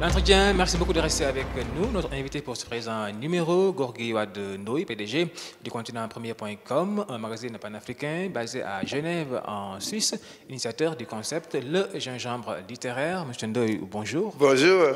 L'entretien, merci beaucoup de rester avec nous. Notre invité pour ce présent numéro, Gorgui Wad Nui, PDG du continent premier.com, un magazine panafricain basé à Genève, en Suisse, initiateur du concept Le gingembre littéraire. Monsieur Ndoy, bonjour. Bonjour.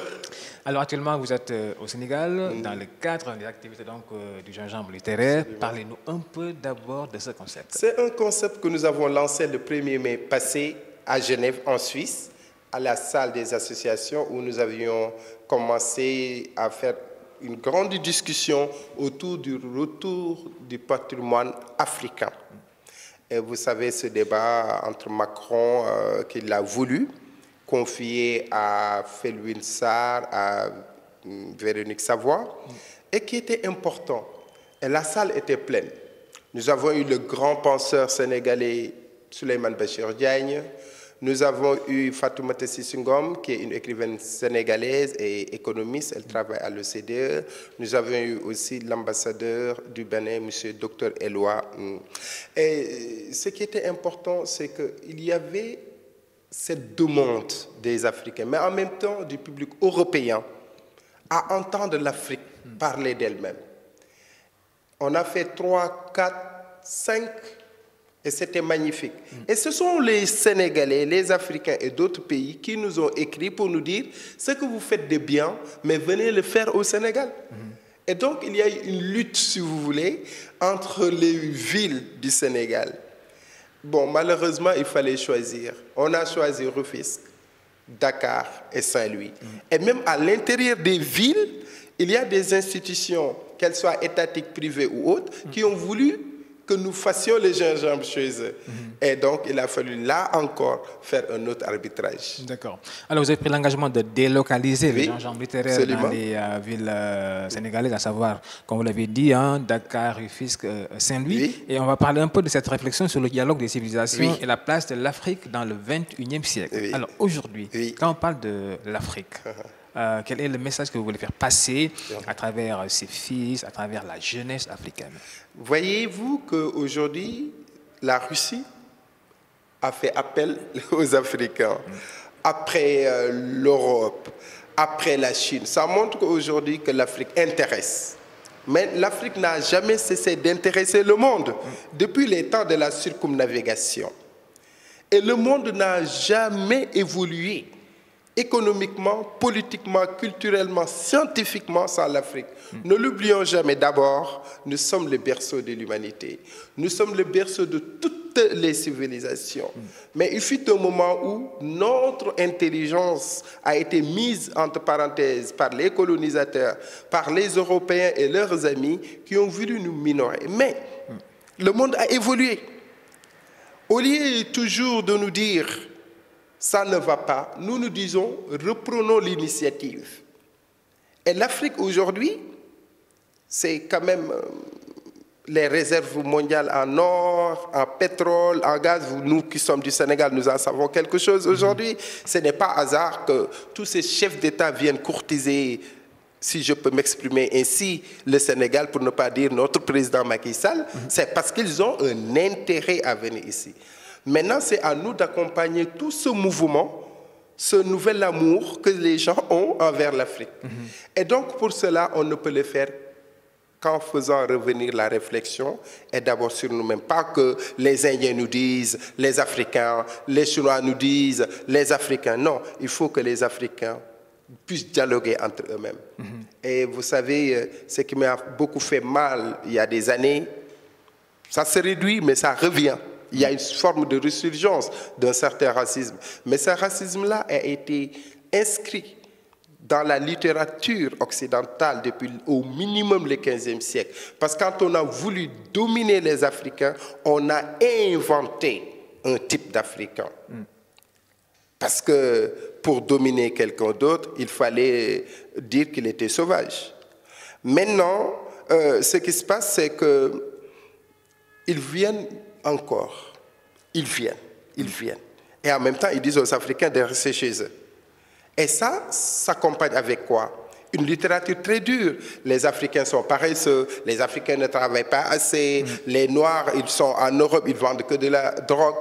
Alors, actuellement, vous êtes euh, au Sénégal mm. dans le cadre des activités donc, euh, du gingembre littéraire. Parlez-nous un peu d'abord de ce concept. C'est un concept que nous avons lancé le 1er mai passé à Genève, en Suisse à la salle des associations où nous avions commencé à faire une grande discussion autour du retour du patrimoine africain. Et vous savez ce débat entre Macron, euh, qu'il a voulu, confié à Felwin Sarr, à hum, Véronique Savoie, et qui était important. Et la salle était pleine. Nous avons eu le grand penseur sénégalais Suleiman Bachir Diagne, nous avons eu Fatoumata Sissungom, qui est une écrivaine sénégalaise et économiste. Elle travaille à l'OCDE. Nous avons eu aussi l'ambassadeur du Bénin, M. Dr Eloi. Et ce qui était important, c'est qu'il y avait cette demande des Africains, mais en même temps du public européen, à entendre l'Afrique parler d'elle-même. On a fait trois, quatre, cinq... Et c'était magnifique. Et ce sont les Sénégalais, les Africains et d'autres pays qui nous ont écrit pour nous dire ce que vous faites de bien, mais venez le faire au Sénégal. Et donc, il y a une lutte, si vous voulez, entre les villes du Sénégal. Bon, malheureusement, il fallait choisir. On a choisi Rufisque, Dakar et Saint-Louis. Et même à l'intérieur des villes, il y a des institutions, qu'elles soient étatiques, privées ou autres, qui ont voulu que nous fassions les gingembre chez eux. Mhm. Et donc, il a fallu là encore faire un autre arbitrage. D'accord. Alors, vous avez pris l'engagement de délocaliser les gingembre littéraires dans les euh, villes euh, sénégalaises, à savoir, comme vous l'avez dit, hein, Dakar, Rufisque, euh, Saint-Louis. Et on va parler un peu de cette réflexion sur le dialogue des civilisations et la place de l'Afrique dans le 21e siècle. Alors, aujourd'hui, quand on parle de l'Afrique, uh-huh. Euh, quel est le message que vous voulez faire passer à travers ses euh, fils, à travers la jeunesse africaine Voyez-vous qu'aujourd'hui, la Russie a fait appel aux Africains, mm. après euh, l'Europe, après la Chine. Ça montre qu'aujourd'hui, que l'Afrique intéresse. Mais l'Afrique n'a jamais cessé d'intéresser le monde mm. depuis les temps de la circumnavigation. Et le monde n'a jamais évolué économiquement, politiquement, culturellement, scientifiquement sans l'Afrique. Ne l'oublions jamais d'abord, nous sommes le berceau de l'humanité. Nous sommes le berceau de toutes les civilisations. Mais il fut un moment où notre intelligence a été mise entre parenthèses par les colonisateurs, par les Européens et leurs amis qui ont voulu nous minorer. Mais le monde a évolué. Au lieu toujours de nous dire ça ne va pas, nous nous disons, reprenons l'initiative. Et l'Afrique aujourd'hui, c'est quand même euh, les réserves mondiales en or, en pétrole, en gaz. Nous qui sommes du Sénégal, nous en savons quelque chose aujourd'hui. Mhm. Ce n'est pas hasard que tous ces chefs d'État viennent courtiser, si je peux m'exprimer ainsi, le Sénégal, pour ne pas dire notre président Macky Sall. Mhm. C'est parce qu'ils ont un intérêt à venir ici. Maintenant, c'est à nous d'accompagner tout ce mouvement, ce nouvel amour que les gens ont envers l'Afrique. Mhm. Et donc, pour cela, on ne peut le faire qu'en faisant revenir la réflexion et d'abord sur nous-mêmes. Pas que les Indiens nous disent, les Africains, les Chinois nous disent, les Africains. Non, il faut que les Africains puissent dialoguer entre eux-mêmes. Mhm. Et vous savez, euh, ce qui m'a beaucoup fait mal il y a des années, ça se réduit, mais ça revient. Il y a une forme de résurgence d'un certain racisme. Mais ce racisme-là a été inscrit dans la littérature occidentale depuis au minimum le 15e siècle. Parce que quand on a voulu dominer les Africains, on a inventé un type d'Africain. Parce que pour dominer quelqu'un d'autre, il fallait dire qu'il était sauvage. Maintenant, euh, ce qui se passe, c'est qu'ils viennent encore. Ils viennent, ils viennent. Et en même temps, ils disent aux Africains de rester chez eux. Et ça s'accompagne avec quoi Une littérature très dure. Les Africains sont paresseux, les Africains ne travaillent pas assez, mm. les Noirs, ils sont en Europe, ils vendent que de la drogue.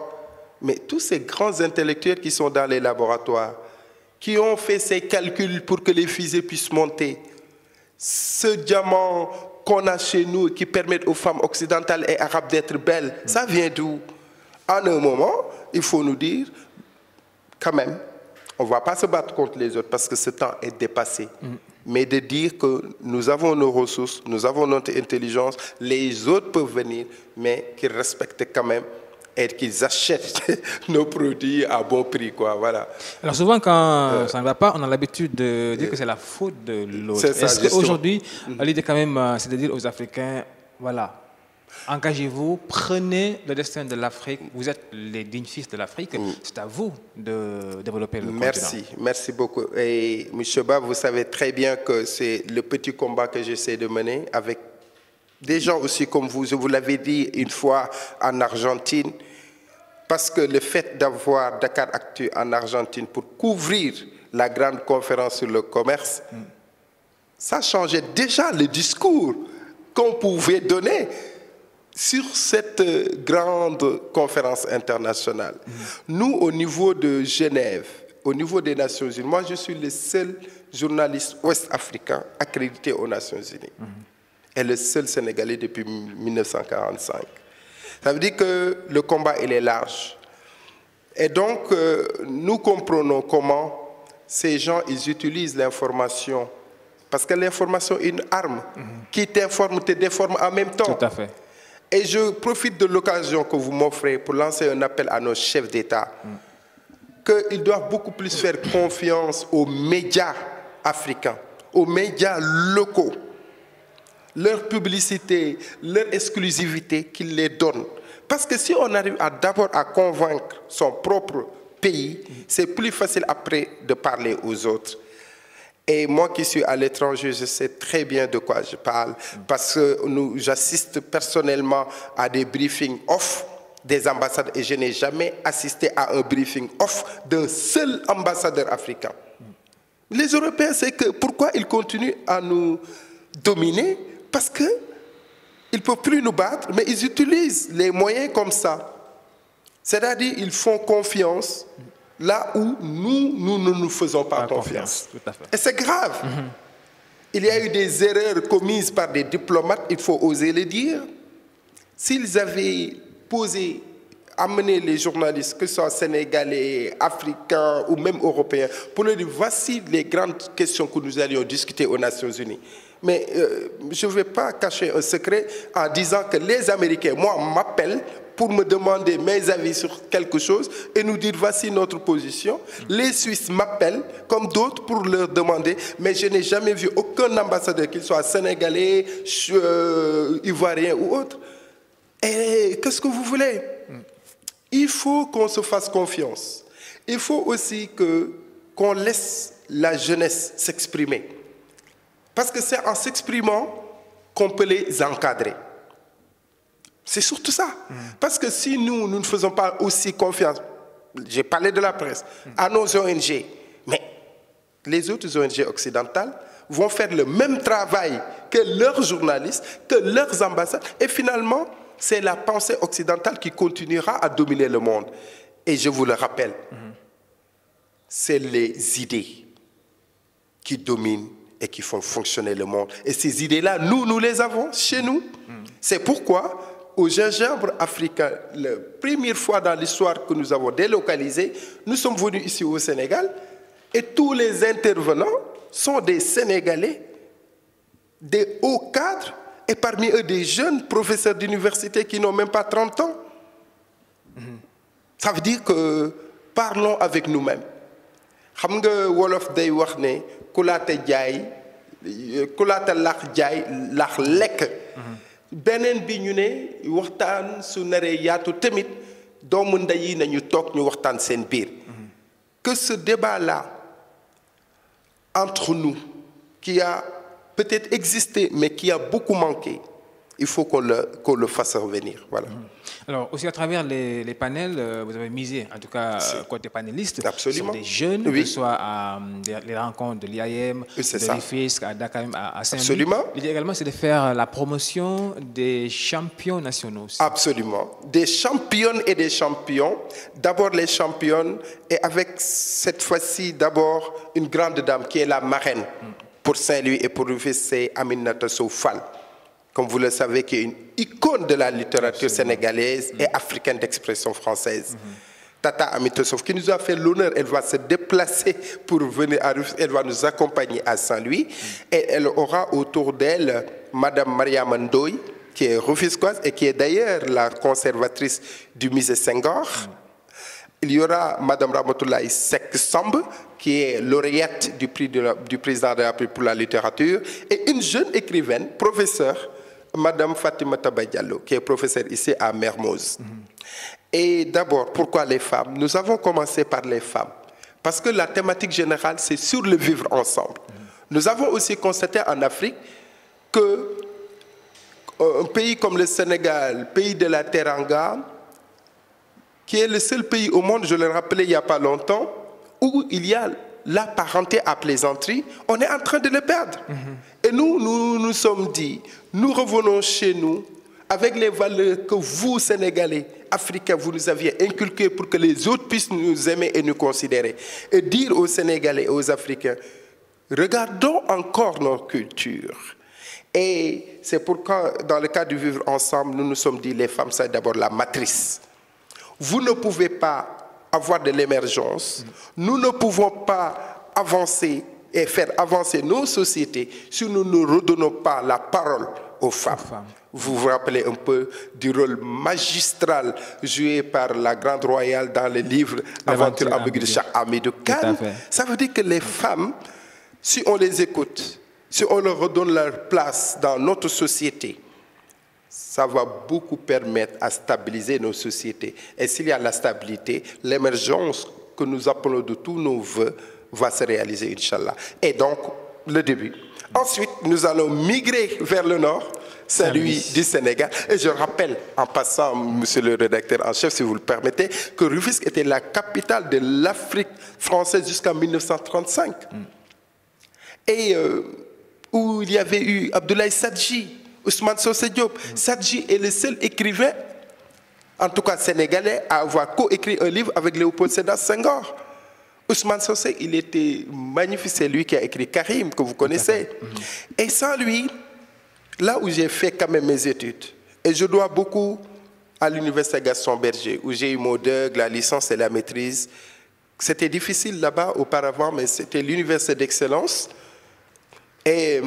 Mais tous ces grands intellectuels qui sont dans les laboratoires, qui ont fait ces calculs pour que les fusées puissent monter, ce diamant qu'on a chez nous qui permettent aux femmes occidentales et arabes d'être belles, ça vient d'où En un moment, il faut nous dire, quand même, on ne va pas se battre contre les autres parce que ce temps est dépassé. Mm. Mais de dire que nous avons nos ressources, nous avons notre intelligence, les autres peuvent venir, mais qu'ils respectent quand même et qu'ils achètent nos produits à bon prix. Quoi, voilà. Alors souvent, quand euh, ça ne va pas, on a l'habitude de dire que c'est la faute de l'autre. Est-ce qu'aujourd'hui, mhm. l'idée quand même, euh, c'est de dire aux Africains, voilà, engagez-vous, prenez le destin de l'Afrique, vous êtes les dignes fils de l'Afrique, mm. c'est à vous de développer le Merci, continent. merci beaucoup. Et M. Ba, vous savez très bien que c'est le petit combat que j'essaie de mener avec des gens aussi comme vous, je vous l'avais dit une fois en Argentine, parce que le fait d'avoir Dakar Actu en Argentine pour couvrir la grande conférence sur le commerce, ça changeait déjà le discours qu'on pouvait donner sur cette euh, grande conférence internationale. Mm-hmm. Nous, au niveau de Genève, au niveau des Nations Unies, moi je suis le seul journaliste ouest-africain accrédité aux Nations Unies. Mm-hmm est le seul Sénégalais depuis 1945. Ça veut dire que le combat, il est large. Et donc, euh, nous comprenons comment ces gens, ils utilisent l'information. Parce que l'information est une arme mhm. qui t'informe, te déforme en même temps. Tout à fait. Et je profite de l'occasion que vous m'offrez pour lancer un appel à nos chefs d'État mm. qu'ils doivent beaucoup plus faire confiance aux médias africains, aux médias locaux leur publicité, leur exclusivité qu'il les donne. Parce que si on arrive d'abord à convaincre son propre pays, c'est plus facile après de parler aux autres. Et moi qui suis à l'étranger, je sais très bien de quoi je parle, parce que j'assiste personnellement à des briefings off des ambassades et je n'ai jamais assisté à un briefing off d'un seul ambassadeur africain. Les Européens, c'est que pourquoi ils continuent à nous dominer parce qu'ils ne peuvent plus nous battre, mais ils utilisent les moyens comme ça. C'est-à-dire, ils font confiance là où nous, nous ne nous, faisons pas, confiance. Et c'est grave. Mm-hmm. Il y a eu des erreurs commises par des diplomates, il faut oser le dire. S'ils avaient posé, amené les journalistes, que ce soit sénégalais, africains ou même européens, pour leur dire voici les grandes questions que nous allions discuter aux Nations Unies mais euh, je ne vais pas cacher un secret en disant que les Américains, moi, m'appellent pour me demander mes avis sur quelque chose et nous dire voici notre position. Les Suisses m'appellent, comme d'autres, pour leur demander, mais je n'ai jamais vu aucun ambassadeur, qu'il soit sénégalais, euh, ivoirien ou autre. Et qu'est-ce que vous voulez Il faut qu'on se fasse confiance. Il faut aussi que qu'on laisse la jeunesse s'exprimer. Parce que c'est en s'exprimant qu'on peut les encadrer. C'est surtout ça. Mm. Parce que si nous, nous ne faisons pas aussi confiance, j'ai parlé de la presse, mm. à nos ONG, mais les autres ONG occidentales vont faire le même travail que leurs journalistes, que leurs ambassades, et finalement, c'est la pensée occidentale qui continuera à dominer le monde. Et je vous le rappelle, mm-hmm. c'est les idées qui dominent et qui font fonctionner le monde. Et ces idées-là, nous, nous les avons chez nous. C'est pourquoi au gingembre africain, la première fois dans l'histoire que nous avons délocalisé, nous sommes venus ici au Sénégal et tous les intervenants sont des Sénégalais, des hauts cadres et parmi eux des jeunes professeurs d'université qui n'ont même pas 30 ans. Ça veut dire que parlons avec nous-mêmes. Xam wolof day kulaate jay kulaata lakh jay lakh lek benen bi ñu ne waxtaan su naree yaatu tamit doomu ndey yi nañu tok ñu waxtaan seen biir que ce débat là entre nous qui a peut-être existé mais qui a beaucoup manqué il faut qu'on le, le, fasse revenir. Voilà. Mm. Alors, aussi à travers les, les, panels, euh, vous avez misé, en tout cas, euh, côté panéliste, sur des jeunes, que ce soit à, les euh, rencontres de l'IAM, de l'IFISC, à Dakar, Saint-Louis. L'idée également, c'est de faire la promotion des champions nationaux. Absolument. Des championnes et des champions. D'abord les championnes, et avec cette fois-ci, d'abord, une grande dame qui est la marraine. Mm. Pour Saint-Louis et pour l'UFC, c'est Aminata Soufal comme vous le savez, qui est une icône de la littérature sénégalaise et mm-hmm. africaine d'expression française. Mm-hmm. Tata Amitosov, qui nous a fait l'honneur, elle va se déplacer pour venir à elle va nous accompagner à Saint-Louis, mm-hmm. et elle aura autour d'elle Madame Maria Mandoy, qui est rufisquoise et qui est d'ailleurs la conservatrice du musée Senghor. Il y aura Madame Ramatoulaï sek qui est lauréate du prix, de du président de la République pour la littérature, et une jeune écrivaine, professeure, Madame Fatima Tabadiallo, qui est professeure ici à Mermoz. Mhm. Et d'abord, pourquoi les femmes Nous avons commencé par les femmes, parce que la thématique générale, c'est sur le vivre ensemble. Mhm. Nous avons aussi constaté en Afrique que euh, un pays comme le Sénégal, pays de la Teranga, qui est le seul pays au monde, je l'ai rappelé il n'y a pas longtemps, où il y a la parenté à plaisanterie, on est en train de le perdre. Et nous, nous nous sommes dit, nous revenons chez nous avec les valeurs que vous, Sénégalais, Africains, vous nous aviez inculquées pour que les autres puissent nous aimer et nous considérer. Et dire aux Sénégalais et aux Africains, regardons encore nos cultures. Et c'est pourquoi, dans le cas du vivre ensemble, nous nous sommes dit, les femmes, c'est d'abord la matrice. Vous ne pouvez pas avoir de l'émergence, nous ne pouvons pas avancer et faire avancer nos sociétés si nous ne redonnons pas la parole aux femmes. Vous vous rappelez un peu du rôle magistral joué par la grande royale dans le livre Aventure ambiguë de Ça veut dire que les femmes, si on les écoute, si on leur redonne leur place dans notre société, ça va beaucoup permettre à stabiliser nos sociétés. Et s'il y a la stabilité, l'émergence que nous appelons de tous nos voeux va se réaliser, Inch'Allah. Et donc, le début. Ensuite, nous allons migrer vers le nord, celui du Sénégal. Et je rappelle, en passant, monsieur le rédacteur en chef, si vous le permettez, que Rufisque était la capitale de l'Afrique française jusqu'en 1935. Et euh, où il y avait eu Abdoulaye Sadji, Ousmane Sosé Diop. Sadji est le seul écrivain, en tout cas sénégalais, à avoir coécrit un livre avec Léopold Sédar Senghor. Ousmane Sosé, il était magnifique, c'est lui qui a écrit Karim, que vous connaissez. Mm. Et sans lui, là où j'ai fait quand même mes études, et je dois beaucoup à l'université Gaston Berger, où j'ai eu mon DEUG, la licence et la maîtrise. C'était difficile là-bas auparavant, mais c'était l'université d'excellence. Et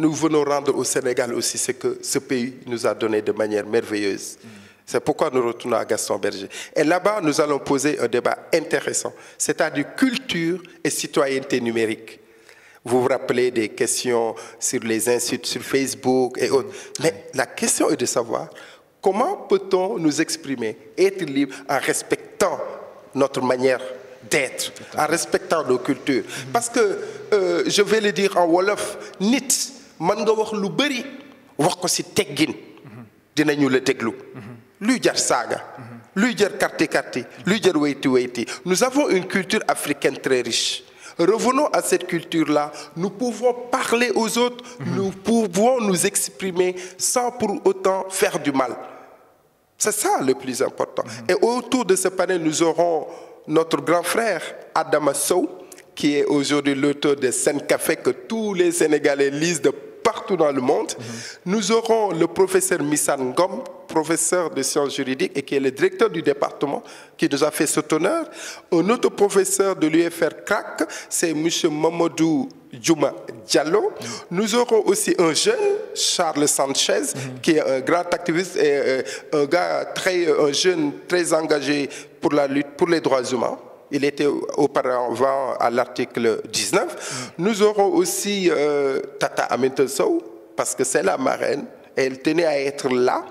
nous venons rendre au Sénégal aussi ce que ce pays nous a donné de manière merveilleuse. C'est pourquoi nous retournons à Gaston Berger. Et là-bas, nous allons poser un débat intéressant, c'est-à-dire culture et citoyenneté numérique. Vous vous rappelez des questions sur les insultes sur Facebook et autres. Mais la question est de savoir comment peut-on nous exprimer, être libre en respectant notre manière d'être, en respectant nos cultures. Parce que, euh, je vais le dire en Wolof, NIT, nous avons une culture africaine très riche revenons à cette culture-là nous pouvons parler aux autres nous pouvons nous exprimer sans pour autant faire du mal c'est ça le plus important et autour de ce panel nous aurons notre grand frère Adama Sow qui est aujourd'hui l'auteur de Sen Café que tous les Sénégalais lisent de partout dans le monde. Nous aurons le professeur Missan Ngom, professeur de sciences juridiques et qui est le directeur du département, qui nous a fait cet honneur. Un autre professeur de l'UFR cac c'est M. Mamadou Djouma Diallo. Nous aurons aussi un jeune, Charles Sanchez, qui est un grand activiste et euh, un gars très, un jeune très engagé pour la lutte pour les droits humains il était auparavant à l'article 19. Nous aurons aussi euh, Tata Amintoso, parce que c'est la marraine, elle tenait à être là.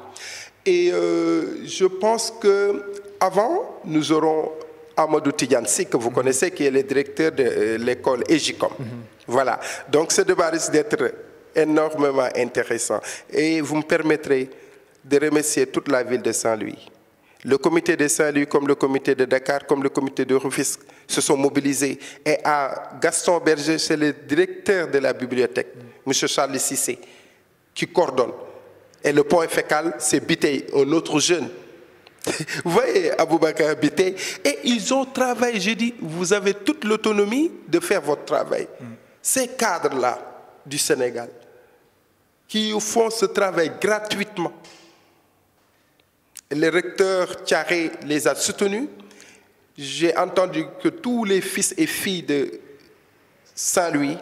Et euh, je pense que avant, nous aurons Amadou Tidjansi, que vous mhm. connaissez, qui est le directeur de euh, l'école EGICOM. Mhm. Voilà. Donc, ce débat risque d'être énormément intéressant. Et vous me permettrez de remercier toute la ville de Saint-Louis le comité de Saint-Louis, comme le comité de Dakar, comme le comité de Rufisque, se sont mobilisés. Et à Gaston Berger, c'est le directeur de la bibliothèque, M. Charles Sissé, qui coordonne. Et le point fécal, c'est Bité, un autre jeune. vous voyez, Aboubakar Bité. Et ils ont travaillé, j'ai dit, vous avez toute l'autonomie de faire votre travail. Ces cadres-là du Sénégal, qui font ce travail gratuitement, le recteur Tiaré les a soutenus. J'ai entendu que tous les fils et filles de Saint-Louis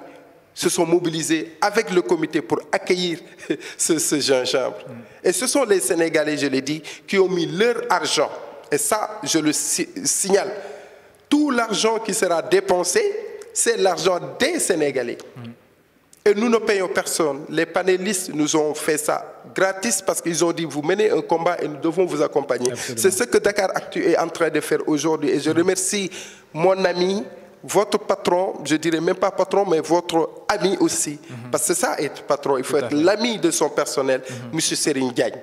se sont mobilisés avec le comité pour accueillir ce, ce gingembre. Et ce sont les Sénégalais, je l'ai dit, qui ont mis leur argent. Et ça, je le signale. Tout l'argent qui sera dépensé, c'est l'argent des Sénégalais. Et nous ne payons personne. Les panélistes nous ont fait ça gratis parce qu'ils ont dit vous menez un combat et nous devons vous accompagner. C'est ce que Dakar Actu est en train de faire aujourd'hui. Et je mm-hmm. remercie mon ami, votre patron, je dirais même pas patron, mais votre ami aussi. Mm-hmm. Parce que ça être patron, il faut être l'ami de son personnel, M. Serine Gagne.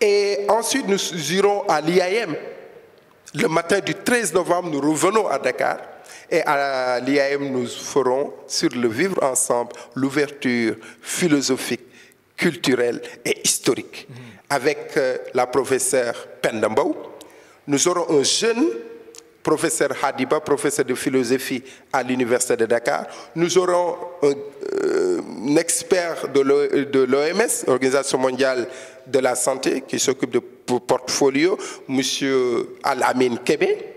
Et ensuite, nous irons à l'IAM. Le matin du 13 novembre, nous revenons à Dakar et à l'IAM, nous ferons sur le vivre ensemble l'ouverture philosophique, culturelle et historique. Mm. Avec euh, la professeure Pendambaou, nous aurons un jeune professeur Hadiba, professeur de philosophie à l'Université de Dakar. Nous aurons un, euh, expert de l'OMS, Organisation mondiale de la santé, qui s'occupe de portfolio, M. Al-Amin Kébé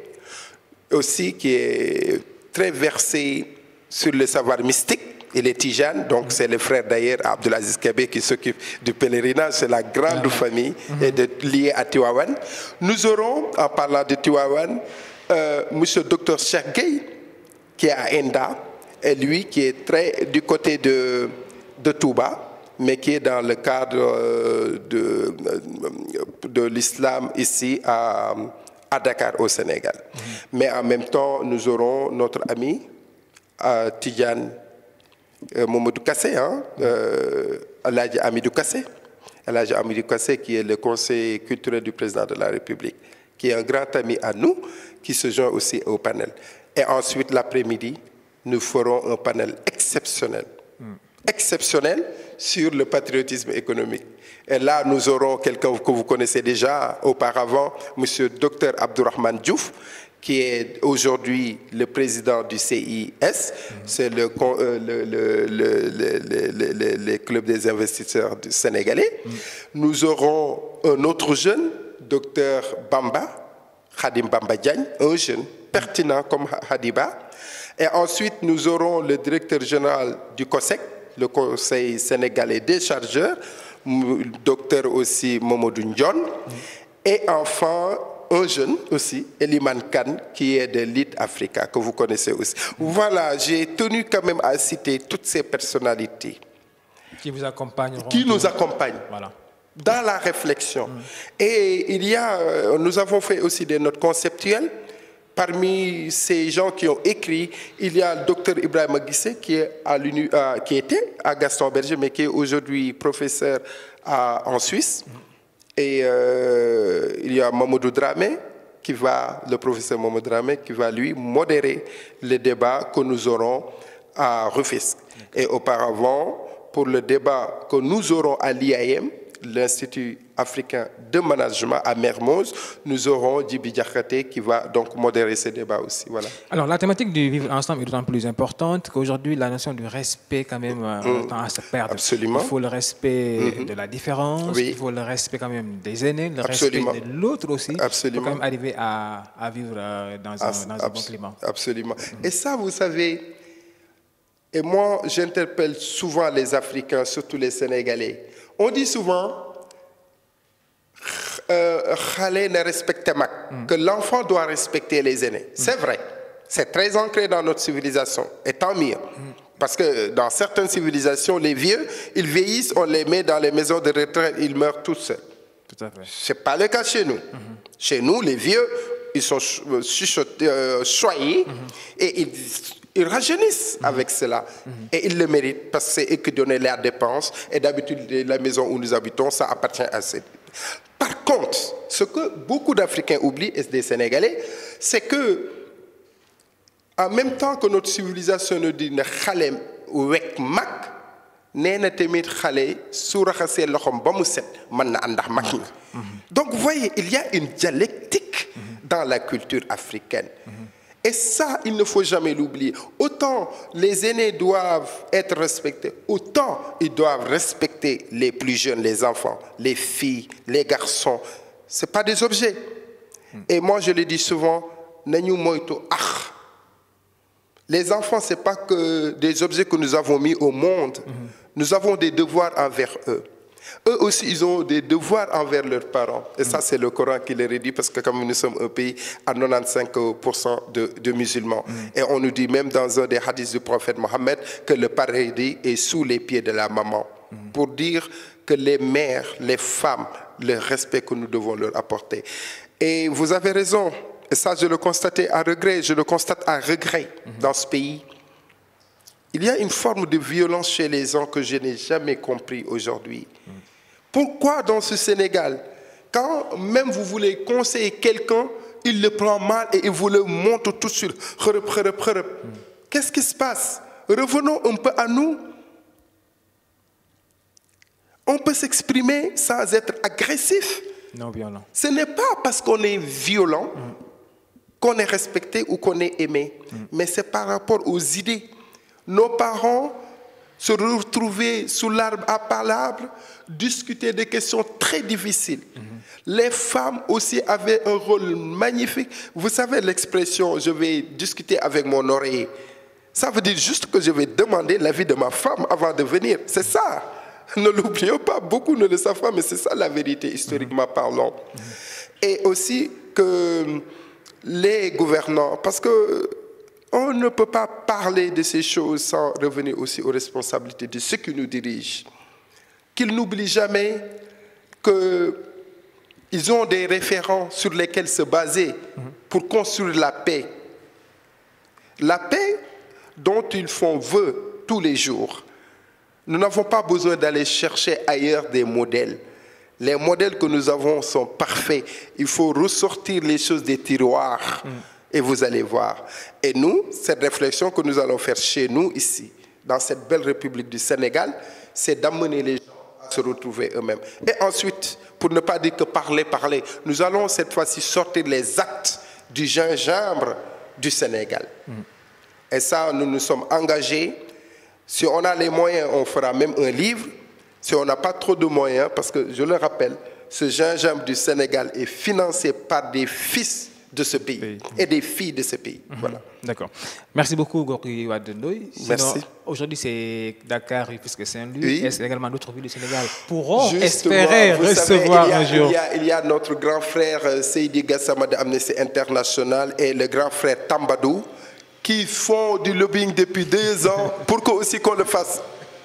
aussi qui est très versé sur le savoir mystique. et les tijane, donc mhm. c'est le frère d'ailleurs Abdelaziz Kabé qui s'occupe du pèlerinage, c'est la grande ah. famille mhm. et de, liée à Tiwawan. Nous aurons, en parlant de Tiwawan, euh, Monsieur Dr Cheikh qui est à Enda, et lui qui est très du côté de, de Touba, mais qui est dans le cadre euh, de, euh, de l'islam ici à, à Dakar au Sénégal. Mais en même temps, nous aurons notre ami euh, Tidiane euh, Momodou hein, euh, qui est le conseiller culturel du président de la République, qui est un grand ami à nous, qui se joint aussi au panel. Et ensuite, l'après-midi, nous ferons un panel exceptionnel. Hmm. Exceptionnel sur le patriotisme économique. Et là, nous aurons quelqu'un que vous connaissez déjà auparavant, M. Dr Abdourahman Diouf, qui est aujourd'hui le président du CIS, c'est euh, le, le, le, le, club des investisseurs du sénégalais. Nous aurons un autre jeune, docteur Bamba, Hadim Bamba Diagne, un jeune pertinent comme Hadiba. Et ensuite, nous aurons le directeur général du COSEC, le Conseil sénégalais des chargeurs, docteur aussi Momo Ndion, et enfin un jeune aussi, Eliman Khan, qui est de l'IT Africa, que vous connaissez aussi. Voilà, j'ai tenu quand même à citer toutes ces personnalités. Qui vous accompagnent. Qui nous accompagnent. dans la réflexion. Mm. Et il y a, euh, nous avons fait aussi des notes conceptuelles parmi ces gens qui ont écrit, il y a le docteur Ibrahim Guissé euh, qui, était à Gaston Berger, mais qui est aujourd'hui professeur en Suisse. Et euh, il y a Mamadou Dramé, qui va, le professeur Mamadou Dramé, qui va lui modérer le débat que nous aurons à Rufisque. Et auparavant, pour le débat que nous aurons à l'IAM, l'Institut africain de management à Mermoz. Nous aurons Djibi qui va donc modérer ce débats aussi. Voilà. Alors, la thématique du vivre ensemble est d'autant plus importante qu'aujourd'hui, la notion du respect, quand même, euh, mm. tend à se perdre. Absolument. Il faut le respect mm-hmm. de la différence, il faut le respect, quand même, des aînés, le respect de l'autre aussi. Absolument. quand même arriver à, vivre euh, dans, un, bon climat. Absolument. Mm. Et ça, vous savez, et moi, j'interpelle souvent les Africains, surtout les Sénégalais on dit souvent euh, hmm. que l'enfant doit respecter les aînés. Hmm. C'est vrai. C'est très ancré dans notre civilisation. Et tant mieux. Hmm. Parce que dans certaines civilisations, les vieux, ils vieillissent, on les met dans les maisons de retraite, ils meurent tous seuls. Tout à C'est pas le cas chez nous. Chez nous, les vieux, ils sont euh, euh, choyés et ils ils rajeunissent avec cela. Mhm. Et ils le méritent parce que c'est eux qui donnent leurs dépenses. Et d'habitude, la maison où nous habitons, ça appartient à ces. Par contre, ce que beaucoup d'Africains oublient, et des Sénégalais, c'est que, en même temps que notre civilisation nous dit Khalem wek mak, mhm. donc vous voyez, il y a une dialectique mhm. dans la culture africaine. Et ça, il ne faut jamais l'oublier. Autant les aînés doivent être respectés, autant ils doivent respecter les plus jeunes, les enfants, les filles, les garçons. Ce pas des objets. Et moi, je le dis souvent, les enfants, ce n'est pas que des objets que nous avons mis au monde. Nous avons des devoirs envers eux. Eux aussi, ils ont des devoirs envers leurs parents. Et ça, c'est le Coran qui les redit, parce que comme nous sommes un pays à 95% de, musulmans, mm. et on nous dit même dans un des hadiths du prophète Mohammed que le paradis est sous les pieds de la maman, mm. pour dire que les mères, les femmes, le respect que nous devons leur apporter. Et vous avez raison, et ça, je le constate à regret, je le constate à regret mm. dans ce pays il y a une forme de violence chez les gens que je n'ai jamais compris aujourd'hui. Pourquoi dans ce Sénégal, quand même vous voulez conseiller quelqu'un, il le prend mal et il vous le montre tout de Qu'est-ce qui se passe Revenons un peu à nous. On peut s'exprimer sans être agressif. Non violent. Ce n'est pas parce qu'on est violent mm. qu'on est respecté ou qu'on est aimé, mm. mais c'est par rapport aux idées. Nos parents se retrouvaient sous l'arbre à discuter des questions très difficiles. Mhm. Les femmes aussi avaient un rôle magnifique. Vous savez l'expression je vais discuter avec mon oreiller. Ça veut dire juste que je vais demander l'avis de ma femme avant de venir. C'est ça. Ne l'oublions pas, beaucoup ne le savent pas, mais c'est ça la vérité historiquement mhm. parlant. Mhm. Et aussi que les gouvernants, parce que on ne peut pas parler de ces choses sans revenir aussi aux responsabilités de ceux qui nous dirigent. Qu'ils n'oublient jamais qu'ils ont des référents sur lesquels se baser pour construire la paix. La paix dont ils font vœu tous les jours. Nous n'avons pas besoin d'aller chercher ailleurs des modèles. Les modèles que nous avons sont parfaits. Il faut ressortir les choses des tiroirs. Mm et vous allez voir. Et nous, cette réflexion que nous allons faire chez nous ici, dans cette belle République du Sénégal, c'est d'amener les gens à se retrouver eux-mêmes. Et ensuite, pour ne pas dire que parler, parler, nous allons cette fois-ci sortir les actes du gingembre du Sénégal. Et ça, nous nous sommes engagés. Si on a les moyens, on fera même un livre. Si on n'a pas trop de moyens, parce que je le rappelle, ce gingembre du Sénégal est financé par des fils de ce pays, et des filles de ce pays. Mhm. Voilà. D'accord. Merci beaucoup, Gorky Wadendoy. Aujourd'hui, c'est Dakar, puisque c'est un oui. et également d'autres villes du Sénégal pourront espérer recevoir un jour. Il y, a, notre grand frère euh, Seydi Gassama de Amnesty International et le grand frère Tambadou qui font du lobbying depuis deux ans pour aussi qu'on le fasse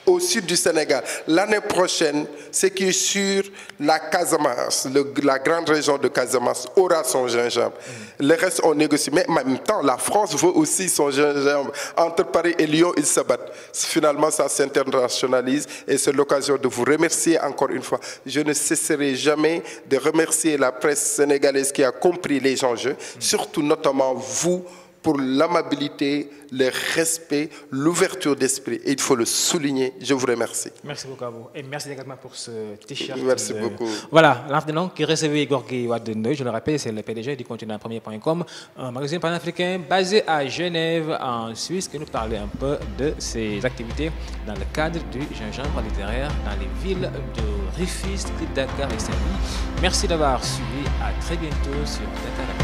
au sud du Sénégal. L'année prochaine, ce qui est la Casamance, la grande région de Casamance aura son gingembre. Le reste, on négocie. Mais en même temps, la France veut aussi son gingembre. Entre Paris et Lyon, ils se battent. Finalement, ça s'internationalise et c'est l'occasion de vous remercier encore une fois. Je ne cesserai jamais de remercier la presse sénégalaise qui a compris les enjeux, surtout notamment vous, pour l'amabilité, le respect, l'ouverture d'esprit. Et il faut le souligner. Je vous remercie. Merci beaucoup à vous. Et merci également pour ce t-shirt. Merci euh, beaucoup. Voilà, l'intervenant qui recevait Igor Guéwadenoy, je le rappelle, c'est le PDG du continent premier.com, un magazine panafricain basé à Genève, en Suisse, qui nous parlait un peu de ses activités dans le cadre du gingembre littéraire dans les villes de Rifis, Dakar et saint Merci d'avoir suivi. À très bientôt sur Dakar.